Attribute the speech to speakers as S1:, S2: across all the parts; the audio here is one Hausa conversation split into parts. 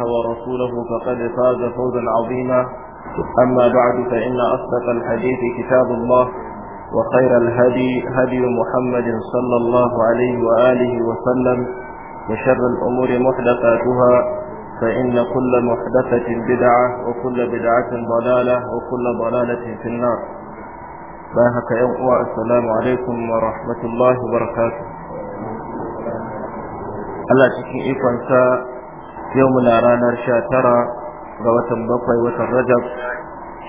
S1: ورسوله فقد فاز فوزا عظيما أما بعد فإن أصدق الحديث كتاب الله وخير الهدي هدي محمد صلى الله عليه وآله وسلم وشر الأمور محدثاتها فإن كل محدثة بدعة وكل بدعة ضلالة وكل ضلالة في النار باهك يوم السلام عليكم ورحمة الله وبركاته الله تكون إيقوان yau muna ranar sha tara ga watan bakwai watan rajab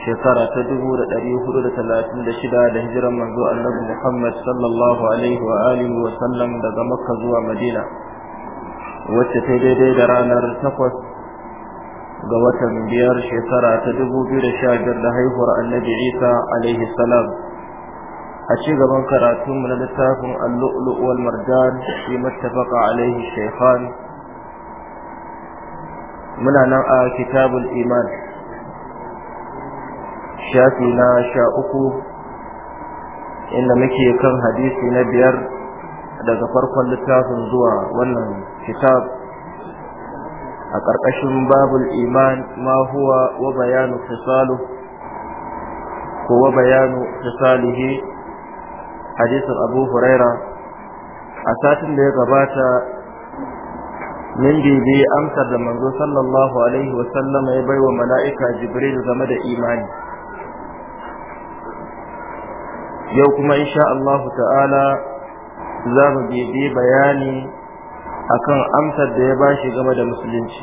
S1: shekara ta dubu da ɗari hudu da talatin da shida da hijiran manzo annabi muhammad sallallahu alaihi wa alihi wa sallam daga makka zuwa madina wacce ta daidai da ranar takwas ga watan biyar shekara ta dubu biyu da sha biyar da haihuwar annabi isa alaihi salam a ci gaban karatunmu na littafin allu'lu'u wal marjan fi mattafaqa alaihi shaykhan muna nan a kitabul iman shafi na sha uku inda muke kan hadisi na biyar daga farkon littafin zuwa wannan kitab a ƙarƙashin babul iman ma huwa wa bayanu fisalu ko wa bayanu fisalihi hadisin abu huraira a satin da ya gabata min bibi amsar da manzo sallallahu alaihi wa sallama ya baiwa mala'ika jibril game da imani yau kuma insha Allah ta'ala za mu bibi bayani akan amsar da ya bashi game da musulunci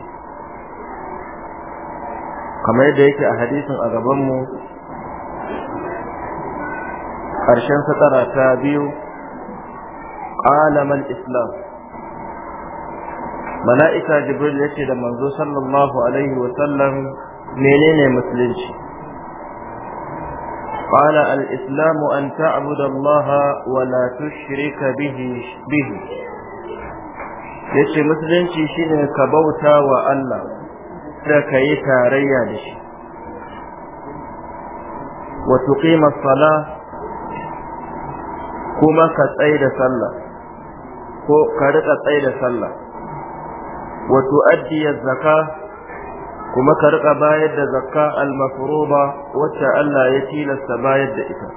S1: kamar yadda yake a hadisin a gabanmu ƙarshen satara ta biyu alamal islam mala'ika jibril ya ce da manzo sallallahu alaihi wa sallam menene musulunci al'islamu قال الإسلام أن تعبد الله ولا تشرك به Ya ce musulunci shine ka bauta wa Allah da ka yi tarayya da shi wa tuqima sala kuma ka da sallah ko ka rika da sallah Wato addiyar az-zaka kuma ka riƙa bayar da zakka al-mafruḍa wacce Allah ya tilasta bayar da ita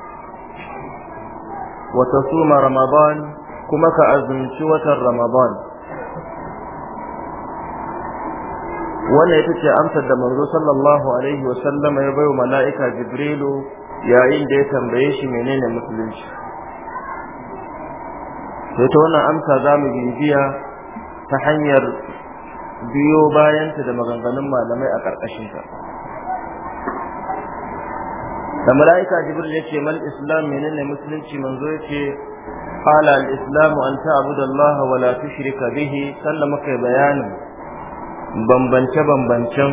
S1: wa tasuma ramadan kuma ka azumci watan ramadan wannan ita ce amsar da manzo sallallahu alaihi wa sallama ya bayo mala'ika jibrilu yayin da ya tambaye shi menene musulunci sai ta wannan amsa za mu bibiya ta hanyar biyo bayanta da maganganun malamai a ƙarƙashinta da mala'ika jibril ya ce mal islam menene musulunci manzo ya ce qala al islamu an ta'budu allah wa la bihi sannan muka yi bayanin bambance bambancen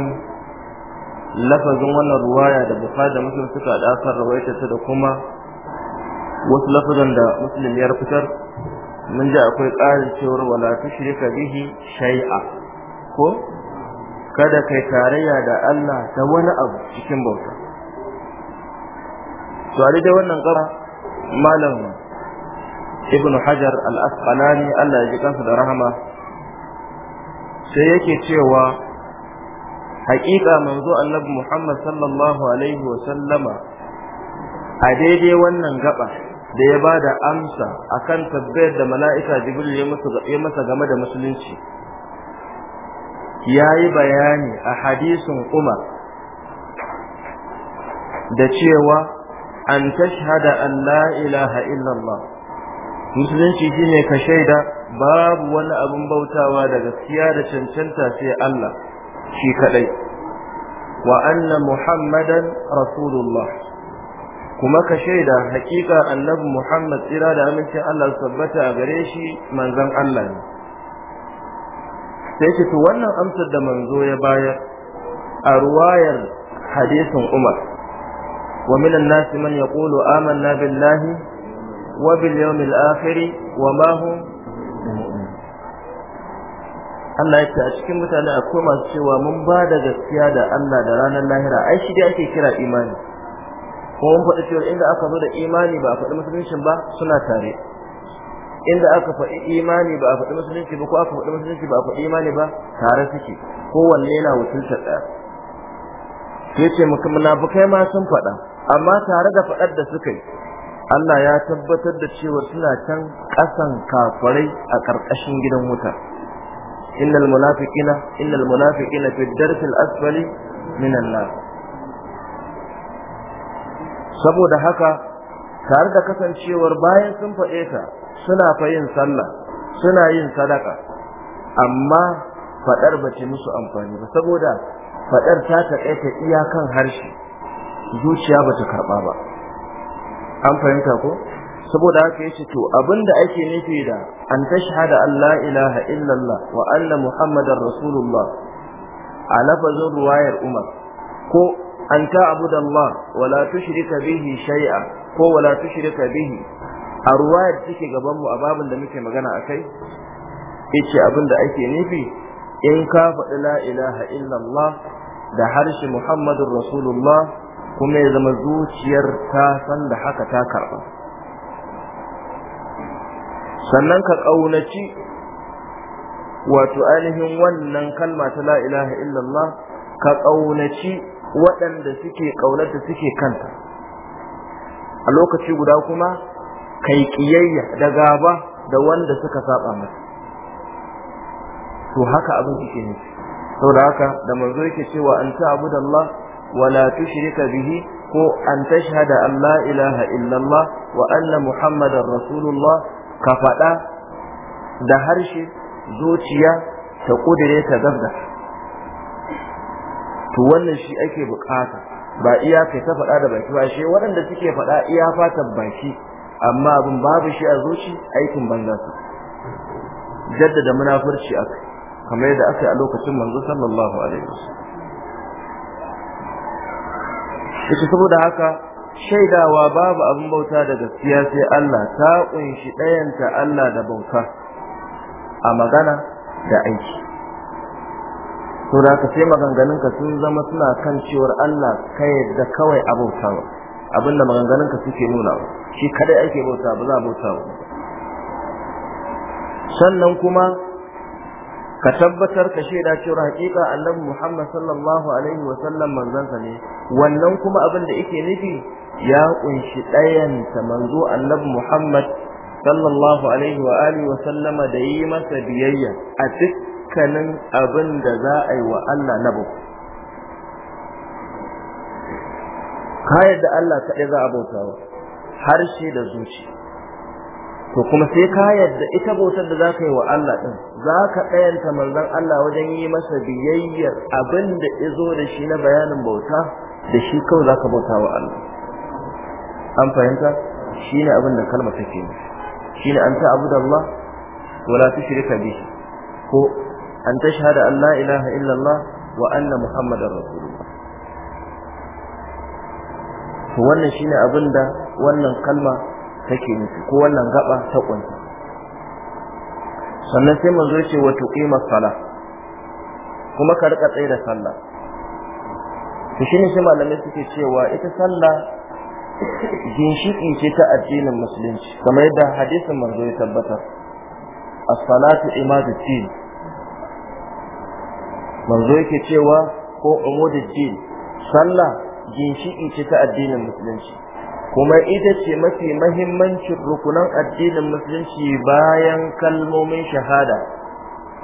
S1: lafazin wannan ruwaya da bukhari da muslim suka da rawaita ta da kuma wasu lafazan da muslim ya fitar mun ji akwai ƙarin cewar wala tushrika bihi ko kada kai tarayya da Allah ta wani abu cikin bauta to a da wannan kara malam ibnu hajar al-asqalani Allah ya ji kansa da rahama sai yake cewa haƙiƙa manzo annabi Muhammad sallallahu alaihi wa sallama a daidai wannan gaba da ya bada amsa akan tabbayar da mala'ika Jibril ya masa game da musulunci Ya yi bayani a hadisin Umar da cewa an tashhada an la ilaha illallah musulunci shine ka shaida babu wani abin bautawa da gaskiya da cancanta sai Allah shi kadai wa anna muhammadan rasulullah kuma ka shaida hakika annabi muhammad tsira da amincin Allah tabbata a gare shi manzon Allah ne sai ce to wannan amsar da manzo ya bayar a ruwayar hadisin Umar wa minan nasi man yaqulu amanna billahi wa bil yawmil akhir wa ma hum Allah ya ce a cikin mutane akwai masu cewa mun ba da gaskiya da Allah da ranar lahira ai shi dai ake kira imani ko mun faɗi cewa inda aka zo da imani ba a faɗi musulunci ba suna tare inda aka faɗi imani ba a faɗi musulunci ba ko aka faɗi musulunci ba a faɗi imani ba tare suke kowanne yana wakilta ɗaya Ke ce munafukai ma sun faɗa amma tare da faɗar da suka yi Allah ya tabbatar da cewa suna can ƙasan kafarai a ƙarƙashin gidan wuta innal munafiqina innal munafiqina fi al asfali minan nar saboda haka tare da kasancewar bayan sun faɗe ta. suna fa yin sallah suna yin sadaka amma fadar ba ce musu amfani ba saboda fadar ta taƙaita iyakan harshe zuciya ba ta karɓa ba an fahimta ko saboda haka yace to abinda ake nufi da an tashhada an la ilaha illallah wa anna muhammadar rasulullah a lafazin ruwayar umar ko an ta'budu allah wa la tushrika bihi shay'a ko wa tushrika bihi a ruwayar take gaban mu a babin da muke magana akai yace abin da ake nufi in ka faɗi la ilaha illallah da harshe muhammadun rasulullah kuma ya zama zuciyar ta san da haka ta karɓa sannan ka ƙaunaci wato ainihin wannan kalma ta la ilaha illallah ka ƙaunaci waɗanda suke da suke kanta a lokaci guda kuma kai kiyayya da gaba da wanda suka saba masa to haka abin yake ne saboda haka da manzo yake cewa an ta'budu Allah wa la tushrika bihi ko an tashhada an la ilaha illallah wa anna muhammadar rasulullah ka faɗa da harshe zuciya ta kudire ta gabda to wannan shi ake bukata ba iya kai ta faɗa da baki ba shi waɗanda suke faɗa iya fatan baki amma abin babu shi a zuci aikin banza su jaddada munafurci aka kamar yadda aka a lokacin manzo sallallahu alaihi wasallam shi saboda haka shaidawa babu abin bauta da gaskiya sai Allah ta kunshi dayanta Allah da bauta a magana da aiki to da ka sai maganganun ka sun zama suna kan cewar Allah ka yadda kawai abauta abinda ka suke nuna wa shi kadai ake bauta ba za a bauta ba sannan kuma ka tabbatar ka shaida cewa haƙiƙa annabi Muhammad sallallahu alaihi wa sallam manzansa ne wannan kuma abin da yake nufi ya kunshi ɗayan ta manzo annabi Muhammad sallallahu alaihi wa alihi wa sallama da yi masa biyayya a dukkanin abin da za a yi wa Allah na bauta ka da Allah kaɗai za a bautawa harshe da zuci to kuma sai ka yadda ita bautar da zaka yi wa Allah din zaka tsayanta manzon Allah wajen yi masa biyayyar abin da yazo da shi na bayanin bauta da shi kawai zaka bauta wa Allah an fahimta shine abin da kalma take ne shine an ta'budu Allah wala tushrika bihi ko an tashhada an la ilaha illa Allah wa anna muhammadar rasulullah to wannan shine abin da wannan kalma take nufi ko wannan gaba ta kunta sannan sai manzo ce wa tuqima salah kuma ka rika tsaye da sallah to shine sai malamai suke cewa ita sallah ginshiki ce ta addinin musulunci kamar yadda hadisin manzo ya tabbatar as-salatu imadu manzo yake cewa ko umudu din sallah ginshiki ce ta addinin musulunci kuma ita ce mafi mahimmancin rukunan addinin musulunci bayan kalmomin shahada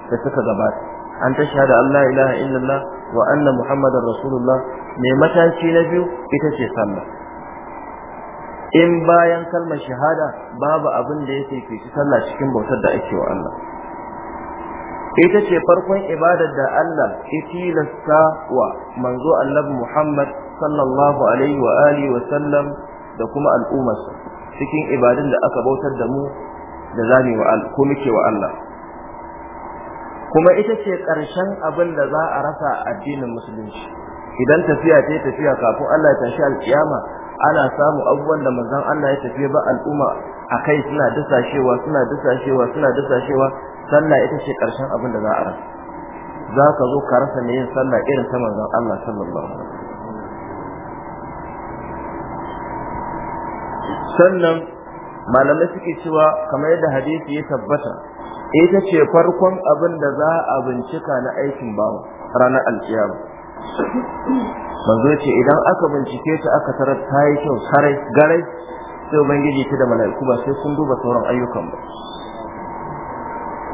S1: da suka gabata an ta shahada Allah ilaha illallah wa anna muhammadar rasulullah mai mataki na biyu ita ce sallah in bayan kalmar shahada babu abin da ya fifici sallah cikin bautar da ake wa Allah ita ce farkon ibadar da Allah ya tilasta wa manzo annabi Muhammad sallallahu alaihi wa alihi wa sallam da kuma al'umma cikin ibadun da aka bautar da mu da zani wa al ko muke wa Allah kuma ita ce ƙarshen abin da za a rasa addinin musulunci idan tafiya ce tafiya kafin Allah ya tashi alkiyama ana samu abubuwan da manzon Allah ya tafi ba al'umma akai suna dusashewa suna dusashewa suna dusashewa sallah ita ce ƙarshen abin da za a rasa za ka zo ka rasa ne yin sallah irin ta manzon Allah sallallahu alaihi wasallam sannan malamai suke cewa kamar yadda hadisi ya tabbata ita ce farkon abin da za a bincika na aikin bawa ranar alkiyama manzo ce idan aka bincike ta aka tarar ta yi kyau sarai garai sai ubangiji ta da mala'iku ba sai kun duba sauran ayyukan ba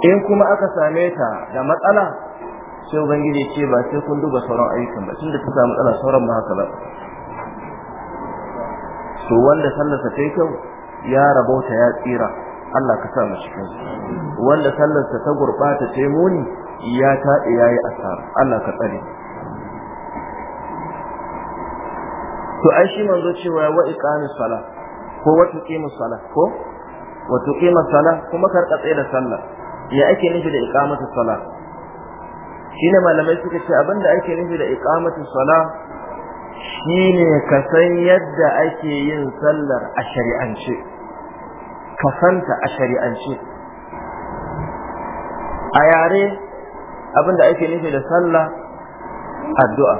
S1: in kuma aka same ta da matsala sai ubangiji ce ba sai kun duba sauran ayyukan ba tunda ta samu matsala sauran ba haka ba to wanda sallarsa ta kyau ya rabauta ya tsira Allah ka sa mu cikin wanda sallarsa ta gurbata ta muni ya ta yayi asara Allah ka tsare to ai shi manzo cewa wa iqamis sala ko wa tuqimus sala ko wa tuqimus sala kuma ka tsaye da sallah ya ake nufi da iqamatus sala shine malamai suka ce abinda ake nufi da iqamatus sala Shi ne ka san yadda ake yin sallar a shari'ance ka santa a shari'ance a yare abinda ake nufi da sallah addu'a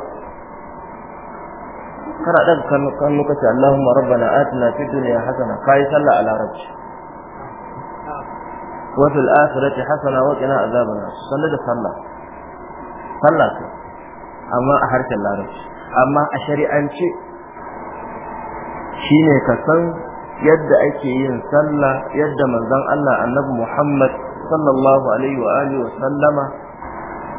S1: kana dan kan lokaci, ce Allahumma rabbana atina fid dunya hasana kai sallah a larabci wa fil akhirati hasana wa qina azaban nar sallah da sallah sallah amma a harshen larabci amma a shari'ance ne ka san yadda ake yin sallah yadda manzon Allah annabi Muhammad sallallahu alaihi wa alihi wa sallama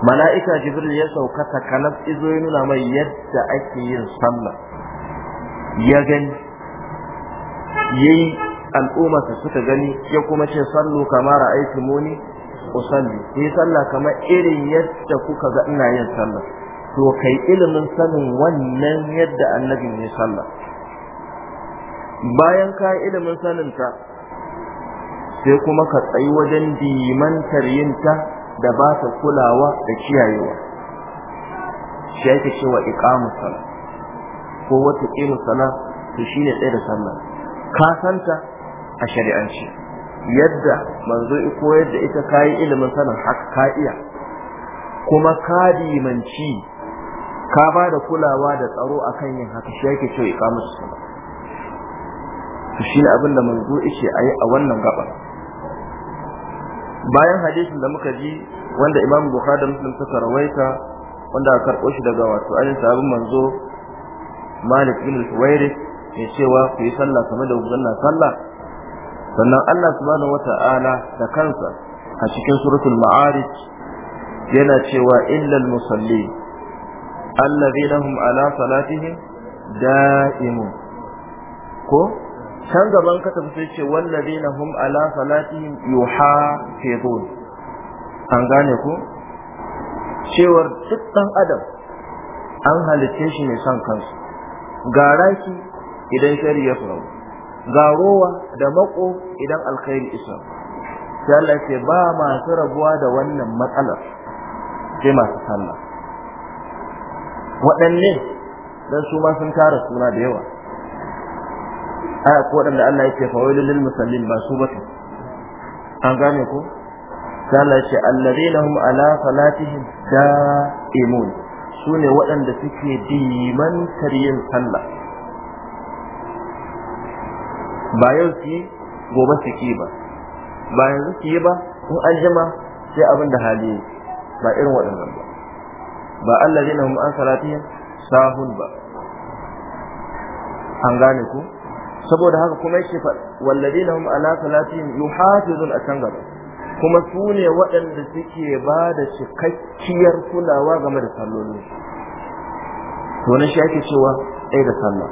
S1: mala'ika jibril ya sauka takanas izo ya nuna mai yadda ake yin sallah ya gani yayi al'ummarsa suka gani ya kuma ce sallu kamar ra'aytumuni usalli sai sallah kamar irin yadda kuka ga ina yin sallah to kai ilimin sanin wannan yadda annabi ne sallah bayan ka ilimin sanin ta sai kuma ka tsayi wajen dimantar yinta da ba ta kulawa da kiyayewa shi yake cewa iqamu sala ko wata qimu sala to shine tsaye da sallah ka santa a shari'anci yadda manzo i koyar da ita kayi ilimin sanin haka ka iya kuma ka dimanci ka ba da kulawa da tsaro a kan yin haka shi yake cewa iqamus su to ne abin da manzo a ayi a wannan gaba bayan hadisin da muka ji wanda Imam Bukhari da Muslim suka rawaita wanda aka karɓo shi daga wato ayin sabon manzo Malik bin Suwairi ya cewa ku yi sallah kamar da kuka sallah sannan Allah subhanahu wata'ala da kansa a cikin suratul ma'arij yana cewa illal musallin alladhina hum ala salatihim da'imun ko can gaban ka tafi ce walladhina hum ala salatihim yuhafizun an gane ko cewar duk adam an halitta shi ne son kansu ga raki idan shari ya faru ga rowa da mako idan alkhairi isa sai Allah ce ba masu rabuwa da wannan matsalar sai masu sallah waɗanne dan su ma sun tara suna da yawa aya ko waɗanda Allah yake fa wailul lil musallin ba su ba an gane ko Allah ce alladheena hum ala salatihim da'imun sune waɗanda suke diman yin sallah ba yau su gobe su ki ba ba yanzu su ba in aljama sai abin hali ba irin waɗannan ba ba allazina hum an salatihim sahun ba an gane ku saboda haka kuma yake fa wallazina hum ala salatihim yuhafizun a can gaba kuma su ne waɗanda suke ba da cikakkiyar kulawa game da sallolin to shi ake cewa ɗaya da sallah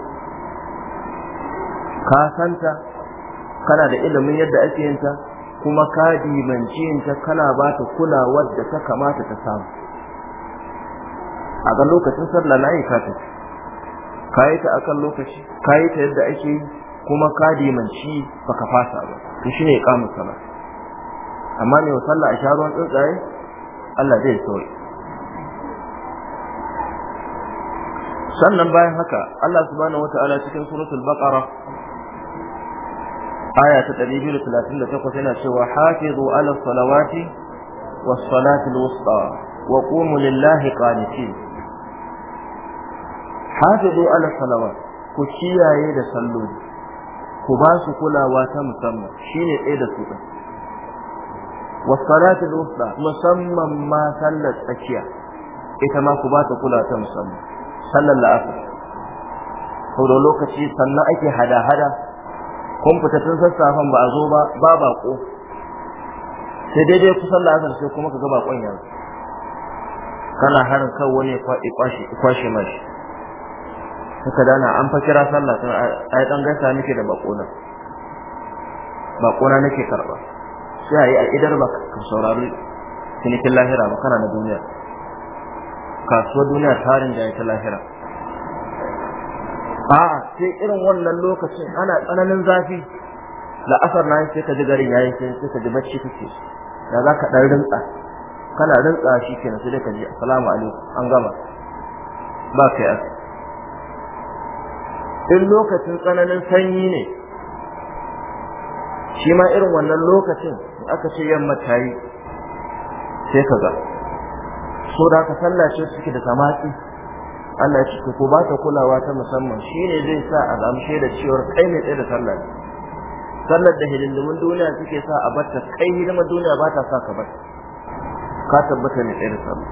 S1: ka santa kana da ilimin yadda ake yinta kuma ka dimanci yinta kana ba ta kulawar da ta kamata ta samu a ga lokacin sallah na yi kafin ka yi ta akan lokaci ka ta yadda ake yi kuma ka dimanci ka fasa ba to shine iqamu sallah amma ne sallah a sharuwan tsuntsaye Allah zai sauye sannan bayan haka Allah subhanahu wataala cikin suratul baqara aya ta 238 yana cewa hafizu ala salawati was salati al-wusta wa qumu lillahi qanitin hafizu ala salawat ku kiyaye da salloli ku ba su kulawa ta musamman shine ɗaya da su wasalati al-wusta musamman ma sallar tsakiya ita ma ku ba ta kula ta musamman sallar la'asar da lokaci sannan ake hada-hada kun fita tun sassafen ba a zo ba ba bako sai daidai kusan la'asar sai kuma ka ga baƙon yanzu kana harin kan wani ya kwashe mashi suka dana an fa kira sallah sai ai dan gaisa nake da bakona bakona nake karba sai ai a idar ba ka saurari kin lahira ba kana na duniya kasuwar duniya tarin da ta lahira a sai irin wannan lokacin ana tsananin zafi la'asar na sai ka ji garin yayi sai sai ka ji bacci kike da za ka dan rinka kana rinka shi kenan sai ka ji assalamu alaikum an gama ba kai in lokacin tsananin sanyi ne shi ma irin wannan lokacin aka ce yamma ta yi sai ka ga so da aka sallace suke da samaki Allah ya ce ko ba ta kulawa ta musamman shi ne zai sa a zamshe da cewar kai ne tsaye da sallar sallar da hidindimin duniya suke sa a batta kai hidimar duniya ba ta sa ka batta ka tabbata ne tsaye da sallar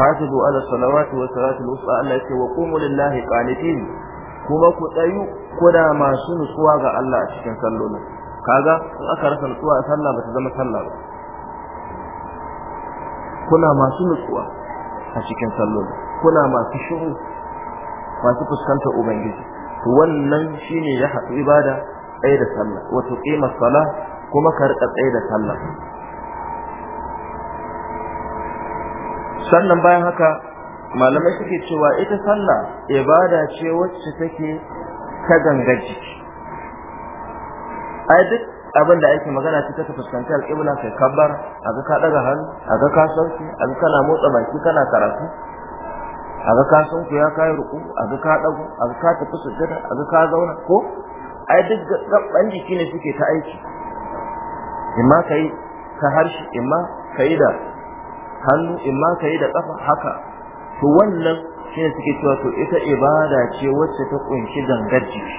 S1: hafizu على الصلوات والصلاة الوسطى wusta Allah ya ce wa kuma ku tsayu kuna masu nutsuwa ga Allah a cikin sallolin kaga in aka rasa nutsuwa a sallah ba ta zama sallah ba kuna masu nutsuwa a cikin sallolin kuna masu shiru masu fuskantar ubangiji to wannan shine ya haɗu ibada tsaye da sallah wato kima sallah kuma ka rika tsaye da sallah sannan bayan haka malamai suke cewa ita sallah ibada ce wacce take ta ganga jiki ai duk abin da ake magana ce ta fuskanci alƙibla kai kabbar a ga ka daga hannu a ga ka sauke a ga kana motsa baki kana karatu a ga ka sunku ya kai ruku a ga ka dago a ga ka tafi sujjada a ga ka zauna ko ai duk gaban jiki ne suke ta aiki imma kai ta harshe imma kai da hannu imma kai da kafa haka to wannan shi ne suke cewa to ita ibada ce wacce ta kunshi gangar jiki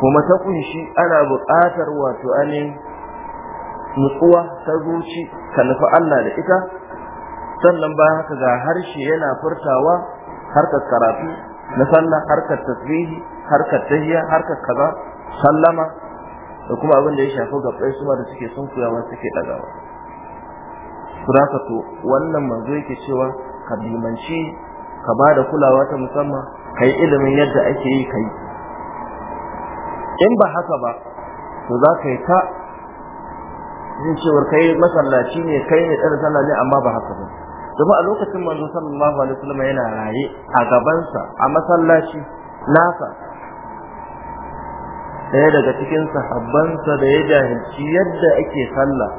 S1: kuma ta kunshi ana buƙatar wato anin nutsuwa ta zuci ka nufi Allah da ita sannan ba haka ga harshe yana furtawa harkar karatu na sallah harkar tasbihi harkar tahiyya harkar kaza sallama da kuma abin da ya shafi gabbai ma da suke sunkuyawa suke dagawa suraka to wannan manzo yake cewa ka bimance ka ba da kulawa ta musamman ka yi ilimin yadda ake yi ka yi in ba haka ba to za ka yi ta zai cewar kai masallaci ne kai ne ɗan sallah ne amma ba haka ba domin a lokacin manzo sallallahu alaihi wasallam yana raye a gabansa a masallaci nasa ɗaya daga cikin sahabbansa da ya jahilci yadda ake sallah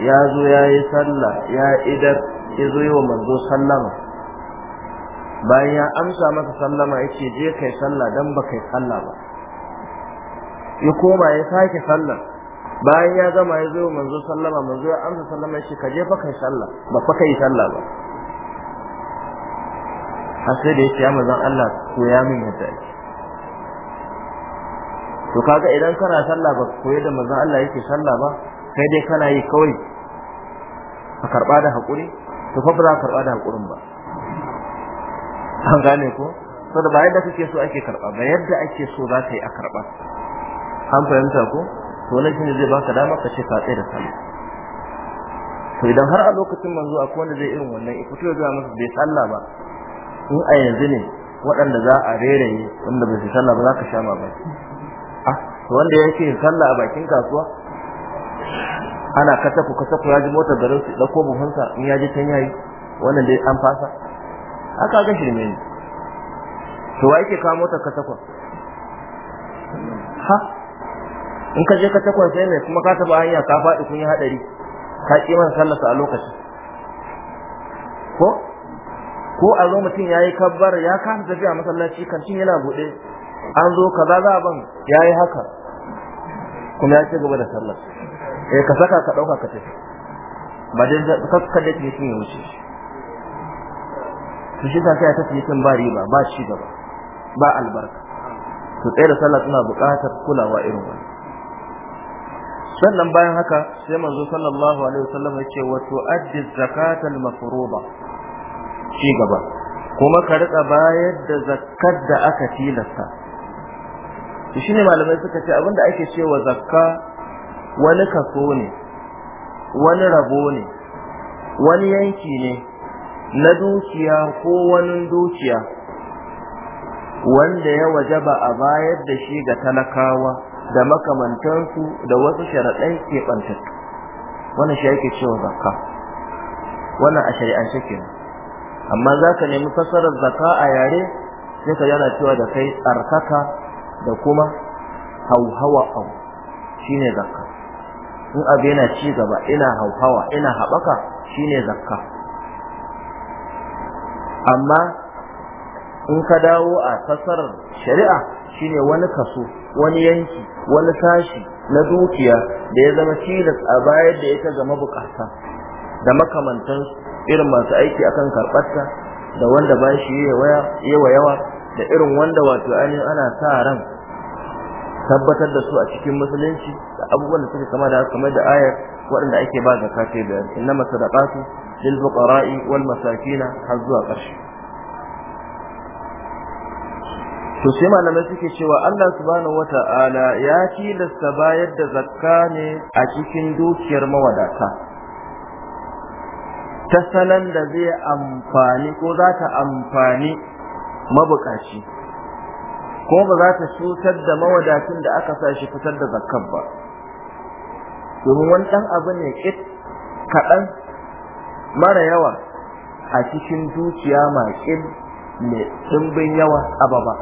S1: ya zo ya yi sallah ya idar ya zo yi wa manzo sallama bayan ya amsa masa sallama ya ce je kai sallah dan ba kai sallah ba ya koma ya sake sallah bayan ya gama ya zo yi wa manzo sallama manzo ya amsa sallama ya ce ka je fa kai sallah ba fa kai sallah ba har sai da ya ce ya manzon Allah koya min yadda ake to kaga idan kana sallah ba koyi da manzon Allah yake sallah ba kai dai kana yi kawai ka karba da hakuri to fa ba za karba da hakurin ba an gane ko da ba yadda kake so ake karba ba yadda ake so za ka yi a karba an fahimta ko to wannan shine zai baka dama ka ce ka tsaya da sallah to idan har a lokacin manzo akwai wanda zai irin wannan fito zai masa bai sallah ba in a yanzu ne waɗanda za a reraye wanda bai sallah ba za ka sha ba ah to wanda yake sallah a bakin kasuwa ana ku kasaku ya ji motar garin su dauko buhunsa in ya can yayi wannan dai an fasa haka ga shirme ne to wai ke kawo motar ku ha in ka je ku sai ne kuma ka taba hanya ka faɗi kun yi hadari ka kiman masa sallasa a lokacin ko ko a zo mutum ya yi kabbar ya kasa tafiya masallaci kantin yana buɗe an zo kaza za ban ya yi haka kuma ya ce gaba da sallar eh ka saka ka dauka ka tafi ba dan kakka da ke ya wuce to shi sai ya tafi kin ba riba ba shi gaba ba albarka to tsaye da sallah tana buƙatar kulawa irin wannan sannan bayan haka sai manzo sallallahu alaihi wasallam ya ce wa tu'addi zakatal mafruḍa shi gaba kuma ka rika bayar da zakkar da aka tilasta shi ne malamai suka ce abinda ake cewa zakka wani kaso ne wani rabo ne wani yanki ne na dukiya ko wani dukiya wanda ya wajaba a bayar da shi ga talakawa da makamantansu da wasu sharaɗai ɓantar, wannan shi yake cewa zakka wannan a shari'ance kenan amma za ka nemi fassarar zakka a yare sai ka yana cewa da kai tsarkaka da kuma hauhawa abu shine zakka in abu yana ci gaba ina hauhawa ina haɓaka shine zakka amma in ka dawo a tasar shari'a shine wani kaso wani yanki wani tashi na dukiya da ya zama tilas a bayar da ita ga mabukata da makamantansu irin masu aiki akan karɓarta da wanda ba shi yawa da irin wanda wato ainihin ana sa ran tabbatar da su a cikin musulunci da abubuwan da suke kama da kamar da ayar waɗanda ake ba zakka ce da innama sadaqatu lil fuqara'i wal masakin har zuwa ƙarshe to sai malamai suke cewa Allah subhanahu wata'ala ya tilasta bayar da zakka ne a cikin dukiyar mawadata ta sanan da zai amfani ko za ta amfani mabukaci ko ba za ta cutar da mawadacin da aka sa shi fitar da zakkar ba domin wani ɗan abu ne ƙit kaɗan mara yawa a cikin zuciya maƙil mai ɗimbin yawa ababa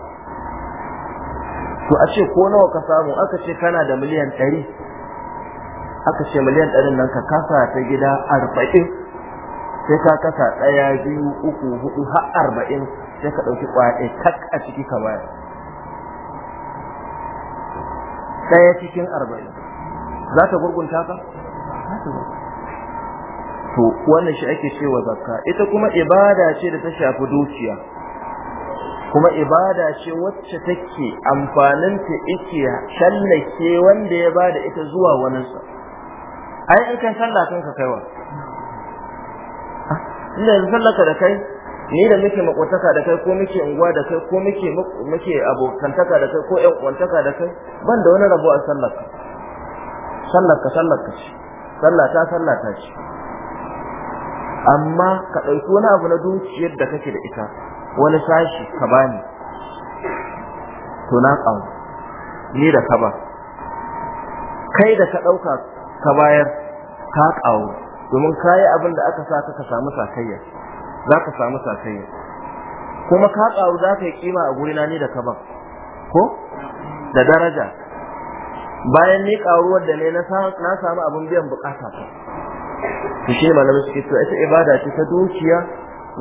S1: to a ce ko nawa ka samu aka ce kana da miliyan ɗari aka ce miliyan ɗarin nan ka kasa ta gida arba'in sai ka kasa ɗaya biyu uku hudu har arba'in sai ka ɗauki ƙwaya tak a ciki ka bayar ɗaya cikin arba'in za ta gurgunta ka to wannan shi ake cewa zakka ita kuma ibada ce da ta shafi dukiya kuma ibada ce wacce take amfaninta ike shallake wanda ya bada ita zuwa waninsa ai in kai sallah kanka kaiwa inda yanzu sallaka da kai ni da muke makwataka da kai ko muke unguwa da kai ko muke muke abokantaka da kai ko ƴan uwantaka da kai ban da wani rabo a sallarka sallarka sallarka ce sallah ta sallah ta ce amma ka ɗauki wani abu na dukiyar da kake da ita wani sashi ka bani to na ƙau ni da ka ba kai da ka ɗauka ka bayar ka ƙau domin ka yi abin da aka sa ka samu sakayya za ka samu sakayya kuma ka ƙaru za ka yi kima a gurina ni da kaban ko da daraja bayan ni karuwar da ne na samu abin biyan bukata ta shi malamai suke to ita ibada ce ta dukiya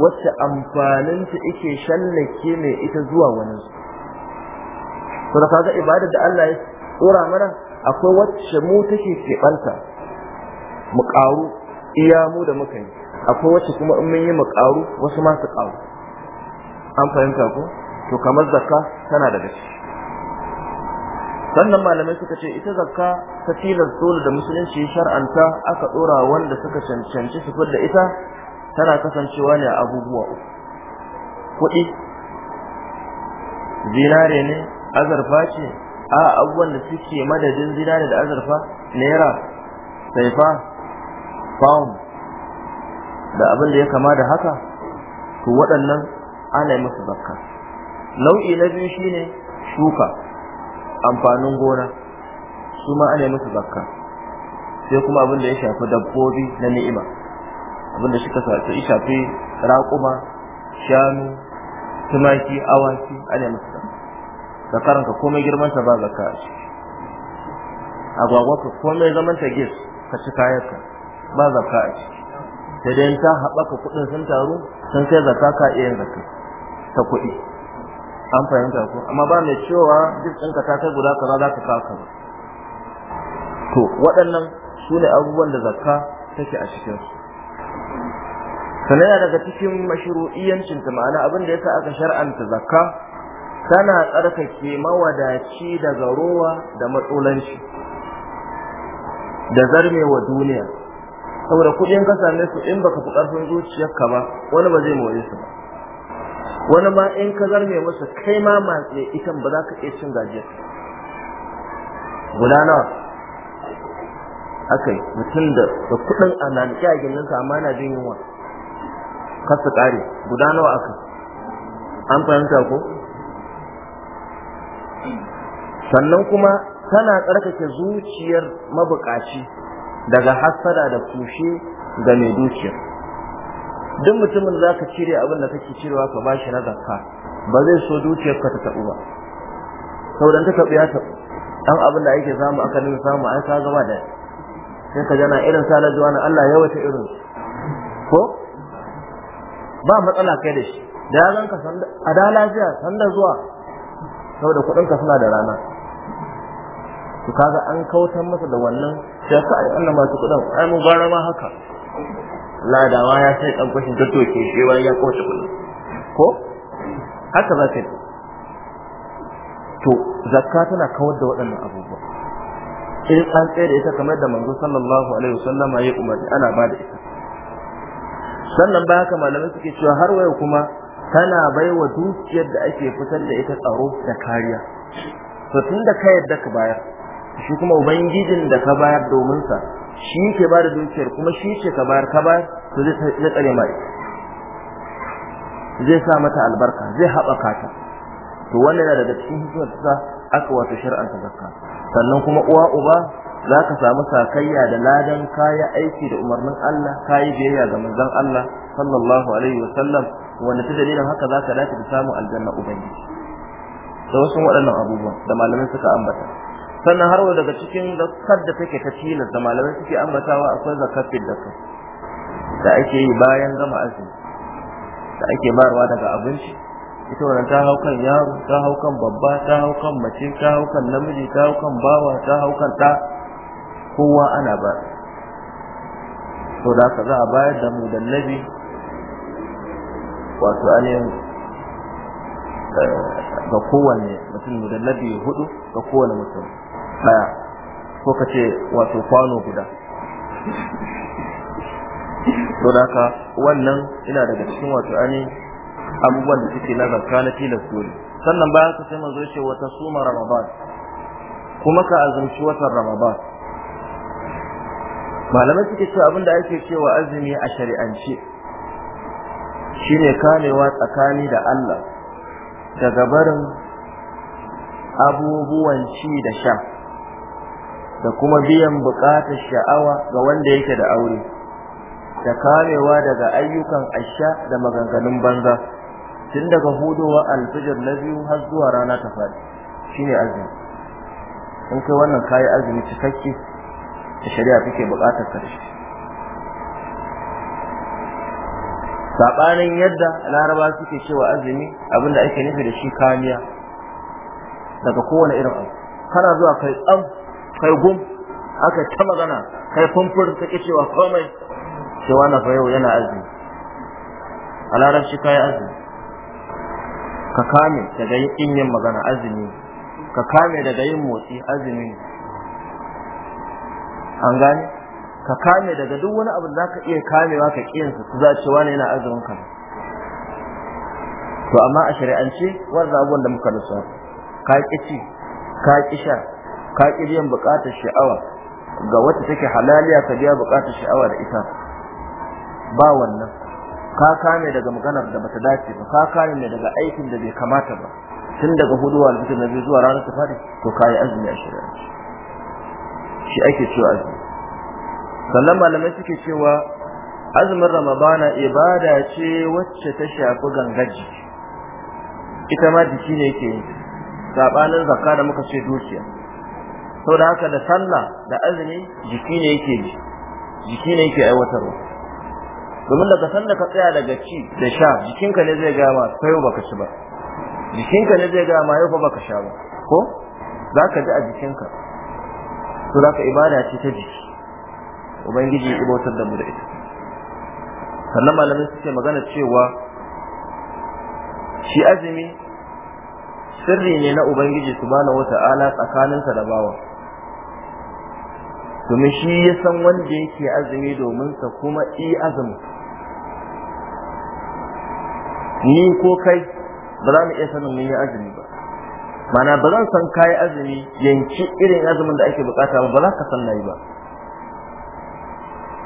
S1: wacce amfanin ta ike shallake mai ita zuwa wani to da kaga ibada da Allah ya tsora mana akwai wacce mu take keɓanta mu karu. iya mu da muka yi akwai wacce kuma in mun yi mu wasu ma su ƙaru an fahimta ko to kamar zakka tana daga ciki sannan malamai suka ce ita zakka ta tilar dole da musulunci shar'anta aka dora wanda suka cancanci su da ita tana kasancewa ne a abubuwa kuɗi zinare ne azarfa ce a abubuwan da suke madadin zinare da azarfa. naira saifa pound da abin da ya kama da haka to waɗannan ana musu zakka nau'i na biyu shine shuka amfanin gona su ma ana musu zakka sai kuma abin da ya shafi dabbobi na ni'ima abin da suka shafi raƙuma shanu tumaki awaki ana musu zakka zakaran ka komai girman sa ba zakka a ciki agwagwa ka komai zaman ta gis ka ci kayanka ba zakka a ciki sai dai ta haɓaka kuɗin sun taru sun kai zakka ka iya yin zakka ta kuɗi an fahimta ko amma ba mai cewa duk ɗinka ta kai guda kaza za ka kaka ba to waɗannan su ne abubuwan da zakka take a cikin su sannan yana daga cikin mashuru'iyyancin ta ma'ana abin da yasa aka shar'anta zakka tana tsarkake mawadaci daga rowa da matsolanci da zarmewa duniya saboda kuɗin ka same su in baka fi ƙarfin zuciyarka ba wani ba zai more su ba wani ma in ka zarme masa kai ma matse itan ba za ka iya cin gajiyar guda nawa akai mutum da da kuɗin a lalike a gindinsa amma na jin yunwa kar su kare, guda nawa akai an fahimta ko sannan kuma tana karkace zuciyar mabukaci daga hasada da kushe ga mai dukiya duk mutumin za ka cire abin da kake cirewa ka bashi na zakka ba zai so dukiyar ka ta tabu ba sauran ta tabu ya tabu dan abin da ake samu aka nuna samu an ka gaba da sai ka jana irin salar duwa na Allah wata irin ko ba matsala kai da shi da ya zanka sanda a da sanda zuwa saboda kuɗin ka suna da rana to kaga an kautar masa da wannan sai ka ai Allah masu kudin ai mu gara ma haka ladawa ya sai dan kwashin da toke shi wai ya kwace kudin ko haka ba ka yi to zakka tana kawar da waɗannan abubuwa in an tsaye da ita kamar da manzo sallallahu alaihi wasallama ya umarni ana ba da ita sannan ba haka malamai suke cewa har wayo kuma tana baiwa dukiyar da ake fitar da ita tsaro da kariya to tun da ka yadda ka bayar shi kuma ubangijin da ka bayar domin sa shi ke bada dukiyar kuma shi ce ka bayar ka bayar to zai tsare mai. zai sa mata albarka zai haɓaka ta to wannan yana daga cikin hikimar ta aka wato ta zakka sannan kuma uwa uba za ka samu sakayya da ladan kaya aiki da umarnin Allah kayi biyayya ga manzon Allah sallallahu alaihi wa sallam wanda ta dalilin haka za ka dace samun samu aljanna ubangiji da wasu waɗannan abubuwan da malamai suka ambata sannan har daga cikin zakar da take ta tilas da malamai suke ambatawa akwai zakar fiddaka da ake yi bayan gama azumi da ake bayarwa daga abinci ita wannan ta hau kan yaro ta hau kan babba ta hau kan mace ta hau kan namiji ta hau kan bawa ta hau kan ta kowa ana ba to da haka za a bayar da mu dallabi wato ainihin eh, ga kowane mutum mudallabi hudu ga kowane mutum daya ko ka ce wato kwano guda to haka wannan ina daga cikin wato ani abubuwan da suke na zarka na tilas dole sannan bayan ka sai manzo ce wata suma ramadan kuma ka azumci watan ramadan malamai suke cewa abinda ake cewa azumi a shari'ance shine kamewa tsakani da Allah daga barin abubuwan ci da sha da kuma biyan buƙatar sha'awa ga wanda yake da aure da kamewa daga ayyukan asha da maganganun banza tun daga hudowa alfijir na biyu har zuwa rana ta faɗi shine azumi in kai wannan kayi azumi cikakke da shari'a take buƙatar ka da shi sabanin yadda laraba suke cewa azumi abinda ake nufi da shi kamiya daga kowane irin abu kana zuwa kai tsam kai gum aka ta magana kai kumfur ta ki cewa komai cewa na fayo yana azumi a larabci kai azumi ka kame daga yin yin magana azumi ka kame daga yin motsi azumi an gane ka kame daga duk wani abu da zaka iya kamewa ka kiyansa su za cewa wani yana azumin ka to amma a shari'ance wanda abubuwan da muka lissafa ka ƙi ci ka ƙi sha ka biyan buƙatar sha'awa ga wacce take halaliya ka biya buƙatar sha'awa da ita ba wannan ka kame daga maganar da bata dace ba ka kame ne daga aikin da bai kamata ba tun daga huduwa alfitar na zuwa ranar tafari to ka yi azumi a shirya shi ake cewa azumi sannan malamai suke cewa azumin ramadana ibada ce wacce ta shafi gangar jiki ita ma jiki ne ke sabanin zakka da muka ce dukiya da haka da sallah da azumi jiki ne yake ji jiki ne yake aiwatarwa domin daga sanda ka tsaya daga ci da sha jikinka ne zai gaya ma yau baka ci ba jikinka ne zai gaya ma yau baka sha ba ko za ka ji a jikinka to za ka ibada ce ta jiki ubangiji ya ibautar da mu da ita sannan malamin suke magana cewa shi azumi sirri ne na ubangiji subhanahu wata'ala tsakaninsa da bawa domin shi ya san wanda yake azumi domin sa kuma i azumi ni ko kai ba za mu iya sanin mun yi azumi ba mana ba zan san kayi azumi yanki irin azumin da ake bukata ba ba za ka san nayi ba